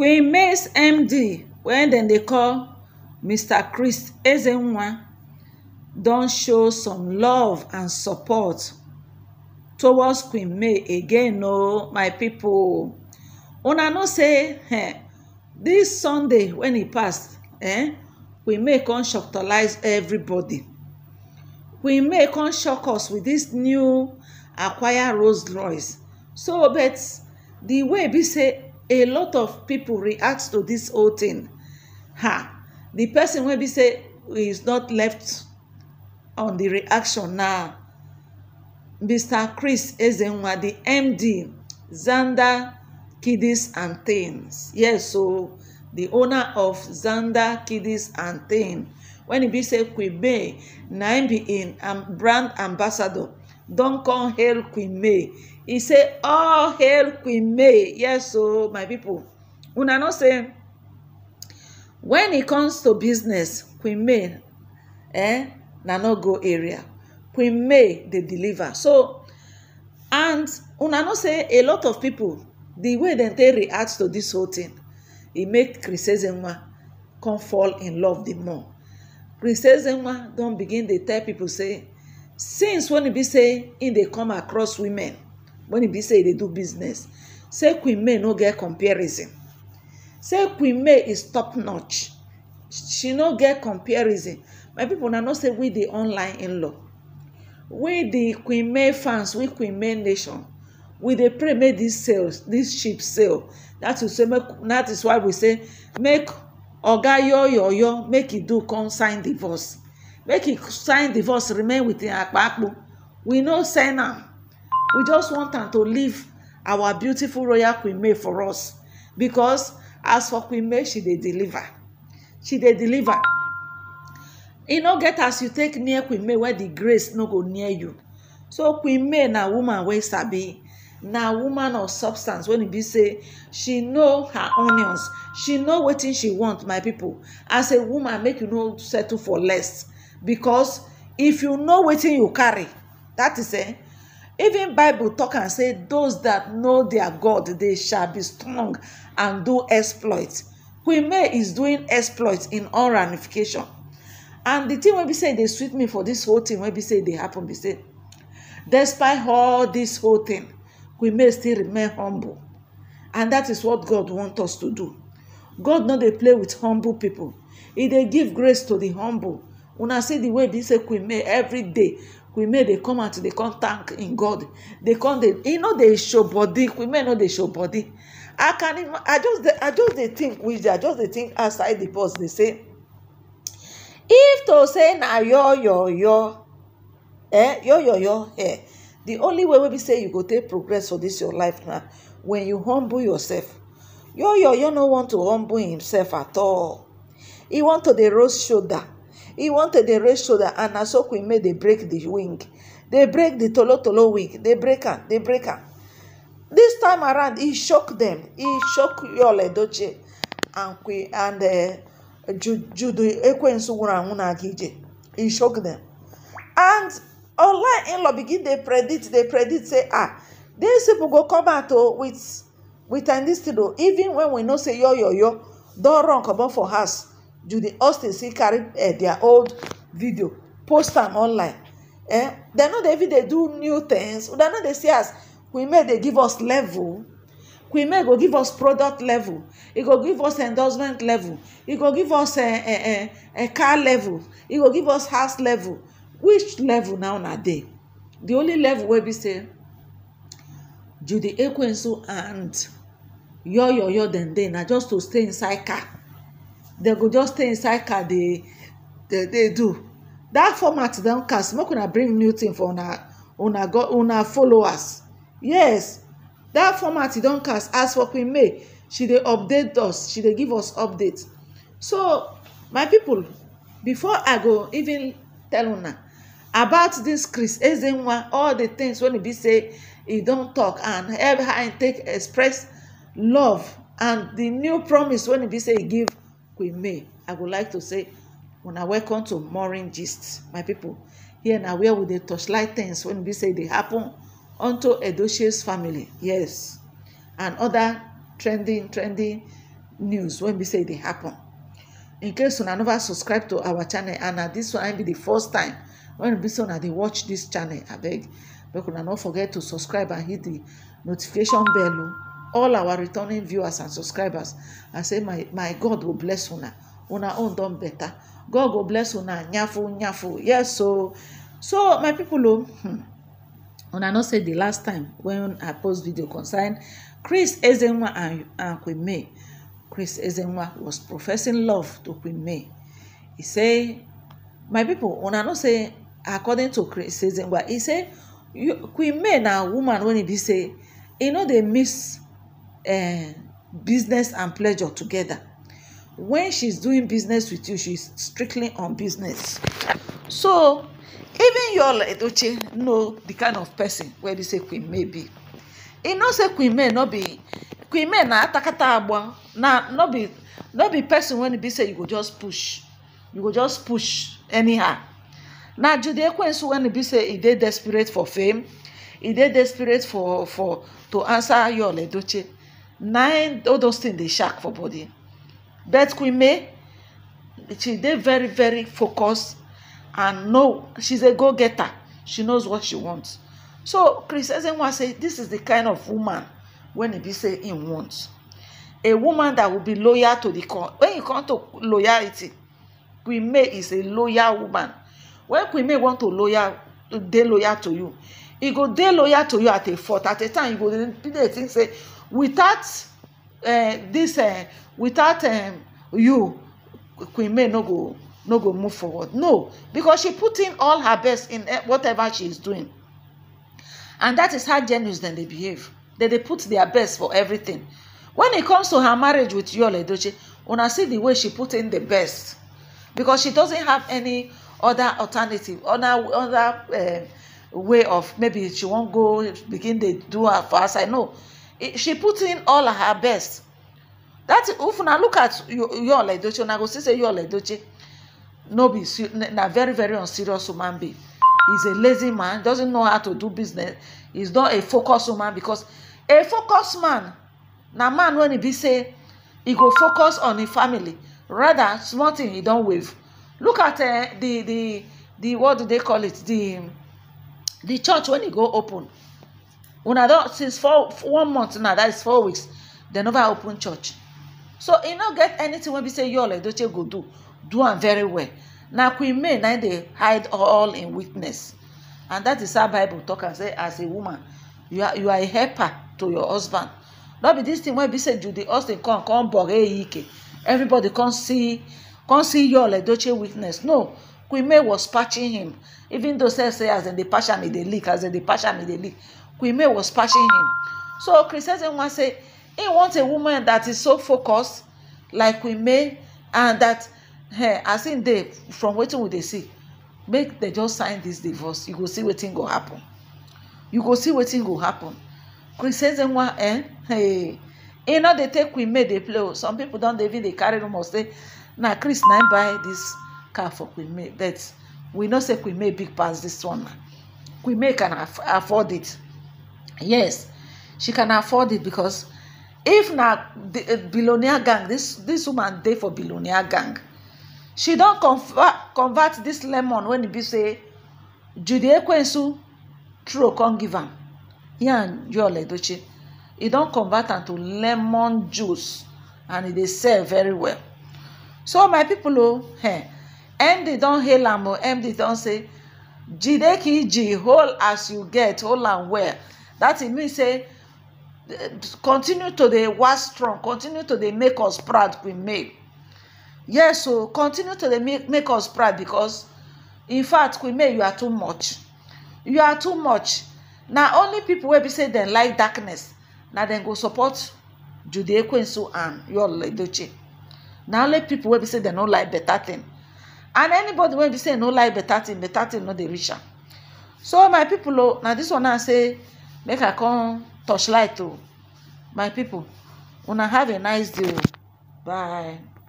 queen May's md wey dem dey call mr chris ezenwa don show some love and support towards queen may again oh my pipo una know say eh, This sunday when e pass eh, queen may come shocktolize everybody queen may come shock us with this new acquire rolls royce so but the way be say a lot of people react to this whole thing ha the person wey be say is not left on the reaction now. mr chris ezenwa the md zander kiddies and things yes so the owner of zander kiddies and things when e be say Quebec, may na im be im brand ambassador don come hail queen may e say all oh, hail queen may yes o my people. una know say wen e comes to business queen may eh na no go area queen may dey deliver so and una know say a lot of people. The way dem take react to this whole thing, e make chris ezenwa come fall in love the more chris ezenwa don begin dey tell people say since when e be say im e dey come across women when e be say e dey do business say queen may no get comparison say queen may is top notch she no get comparison my people na know say we dey online in law we the queen may fans we queen may nation we dey pray make this sales this ship sail that is say make that is why we say make oga yo yo yo make e do come sign divorce make he sign divorce remain with him akpakpo we no sign am we just want am to leave our beautiful royal queen may for us because as for queen may she dey deliver she dey deliver e no get as you take near queen may where the grace no go near you so queen may na woman wey sabi na woman of substance when e be say she know her onions she know wetin she want my people as a woman make you no settle for less because if you know what you carry that is it. Eh, even bible talk and say those that know their god they shall be strong and do exploits. Who May is doing exploits in all ramification and the thing will be say they sweet me for this whole thing will be say they happen be say despite all this whole thing May still remain humble and that is what god want us to do god know they play with humble people he they give grace to the humble una see the way be say queen may every day queen may dey come out dey come thank in god dey come dey e no dey show body queen may no dey show body i can i just dey i just dey think with i just dey think outside the box dey say if to say na yo yo yo eh yo yo yo eh the only way wey be say you go take progress for this your life na when you humble yourself yo yo yo no want to humble himself at all he want to dey roast shoulder He wanted the raise shoulder and as so queen made they break the wing they break the tolo tolo wing They break am They break am This time around he shocked them. He shocked yul doche and queen and uh, judo ekwensu wura nwunagije e shock dem and online in-law begin they predict They predict say ah dis people go come out o oh, with with and dis even when we know say yo yo yo, don't run comot for house judy austin still carry eh, their old video post am online eh They know dey they do new things dem no dey see we may they give us level We may go give us product level It e go give us endorsement level It e go give us eh, eh, car level It e go give us house level which level now na dey The only level wey be say judy ekwensu and yo yo yo then they na just to stay inside car dem go just stay inside car dey dey do That format don cast make una bring new thing for una una go una followers yes that format e don cast as for queen may she dey update us she dey give us update so my people before i go even tell una about this. chris ezenwa all the things wey e be say he don talk and help her take express love and the new promise wey e be say e give queen may i go like to say una welcome to morning gist my people. here na where we dey torchlight things wey be say dey happen unto edochie's family yes and other trending trending news wey be say dey happen in case una never subscribe to our channel and na dis one be the first time wen be say una dey watch this channel abeg make una no forget to subscribe and hit the notification bell o oh all our returning viewers and subscribers i say my my god go bless una una own don better god go bless una nyafu nyafu yes so so my people o oh, hmm, una know say the last time when i post video concern chris ezenwa and, and queen may chris ezenwa was professing love to queen may he say my people una know say according to chris ezenwa he say you, queen may na woman wey e be say e no dey miss uh, business and pleasure together. When she's doing business with you, she's strictly on business. So, even your Edoche know the kind of person where this queen may be. E no say queen may not be queen may na atakata agba na no be no be person when e be say you go just push you go just push anyhow na jude ekwensu when e be say e dey desperate for fame he dey desperate for for to answer your ledoche nine all those things dey shark for body but queen may she dey very very focused and know she's a go-getter she knows what she wants so chris ezenwa say this is the kind of woman when e be say im want a woman that will be loyal to the con when e come to loyalty queen may is a loyal woman when queen may want to loyal dey loyal to you e go dey loyal to you at a fault at a time you go dey think say without uh, this uh, without um, you Queen May no go no go move forward no because she put in all her best in whatever she is doing and that is how genuines dem dey behave dem they put their best for everything when it comes to her marriage with Yul Edochie una see the way she put in the best because she doesn't have any other alternative other other uh, way of maybe she won't go begin dey do her for I know she put in all her best that if una look at yor like doche una go see say yor like doche no be na very very unserious human being he's a lazy man doesn't know how to do business he's not a focused woman because a focused man na man when he be say he go focus on him family rather small thing he don wave look at uh, the the the what do they call it the the church when he go open una don since four one month now that is four weeks dem never open church so e no get anything wey be say yul edochie go do do am very well na queen may na dey hide all im weakness and that is how bible talk am say as a woman you are you are a helper to your husband no be this thing wey be say judy austin come come bore eyike everybody come see come see yul edochie weakness no queen may was patching him even though say say as dem dey patch am e dey leak as dem dey patch am e dey leak Queen May was bashing him. So Christians one say he wants a woman that is so focused like Queen May and that hey, eh, as in dey from waiting, we they see make they just sign this divorce you go see what thing go happen you go see what thing go happen queen sezenwa eh hey, e no they take queen may dey play oh. some people don't even they carry them. rumour say na chris nine buy this car for queen may but we know say queen may big pass this one na queen may can aff afford it yes she can afford it because if na eh, billionaire gang this this woman dey for billionaire gang she don convert convert this lemon when e be say judy ekwensu throw come give am yan yul edoche e don convert am to lemon juice and e dey sell very well so my pipo o oh, eh md don hail am o oh, md don say jide kiji hold as you get hold am well that e mean say continue to dey wax strong continue to dey make us proud We make yes so continue to dey make make us proud because in fact we make you are too much you are too much na only people wey be say dem like darkness na dem go support jude ekwensu and yul edochie na only people wey be say dem no like beta thing, and anybody wey be say no like beta thing, beta thing no dey reach am so my people, o oh, na dis one now say make i come torchlight o oh. my people. una have a nice day o oh. bye